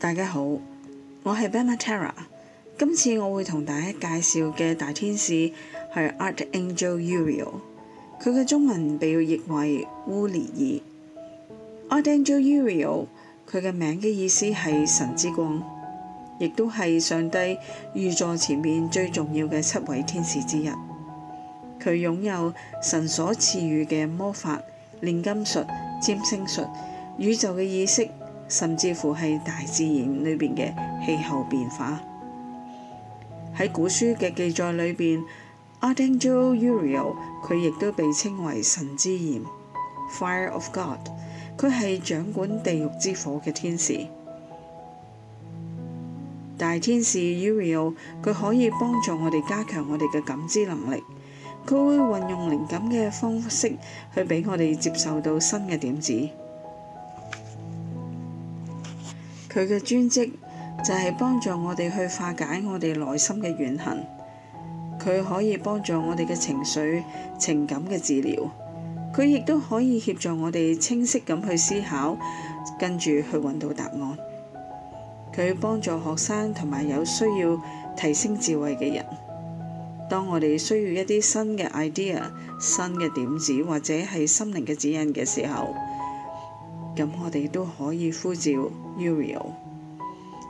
大家好，我係 Padma Tara。今次我會同大家介紹嘅大天使係 Archangel Uriel，佢嘅中文被譯為烏列爾。Archangel Uriel，佢嘅名嘅意思係神之光，亦都係上帝御座前面最重要嘅七位天使之一。佢擁有神所賜予嘅魔法、煉金術、占星術、宇宙嘅意識。甚至乎係大自然裏邊嘅氣候變化，喺古書嘅記載裏邊，Adenjo 丁焦 Uriel 佢亦都被稱為神之炎，Fire of God，佢係掌管地獄之火嘅天使。大天使 u Uriel 佢可以幫助我哋加強我哋嘅感知能力，佢會運用靈感嘅方式去俾我哋接受到新嘅點子。佢嘅專職就係幫助我哋去化解我哋內心嘅怨恨，佢可以幫助我哋嘅情緒、情感嘅治療，佢亦都可以協助我哋清晰咁去思考，跟住去揾到答案。佢幫助學生同埋有需要提升智慧嘅人。當我哋需要一啲新嘅 idea、新嘅點子或者係心靈嘅指引嘅時候，咁我哋都可以呼叫 Uriel，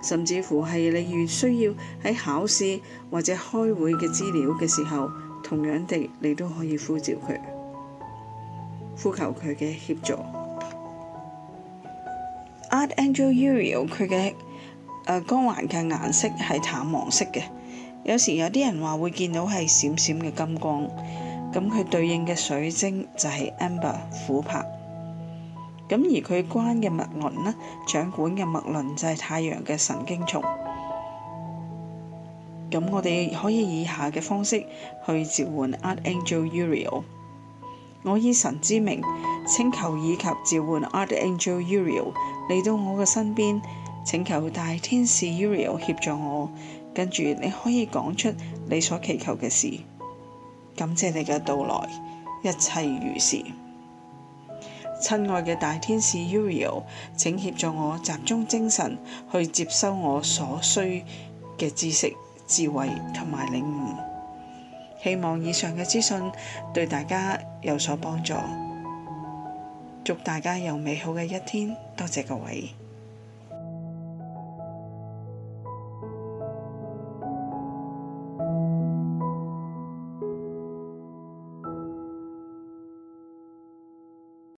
甚至乎係你如需要喺考試或者開會嘅資料嘅時候，同樣地你都可以呼叫佢，呼求佢嘅協助。Archangel Uriel 佢嘅誒、呃、光環嘅顏色係淡黃色嘅，有時有啲人話會見到係閃閃嘅金光，咁佢對應嘅水晶就係 amber 琥珀。咁而佢關嘅脈輪咧，掌管嘅脈輪就係太陽嘅神經叢。咁我哋可以以下嘅方式去召喚 Archangel Uriel。我以神之名，請求以及召喚 Archangel Uriel 嚟到我嘅身邊，請求大天使 Uriel 協助我。跟住你可以講出你所祈求嘅事。感謝你嘅到來，一切如是。親愛嘅大天使 Uriel，請協助我集中精神去接收我所需嘅知識、智慧同埋領悟。希望以上嘅資訊對大家有所幫助。祝大家有美好嘅一天。多謝各位。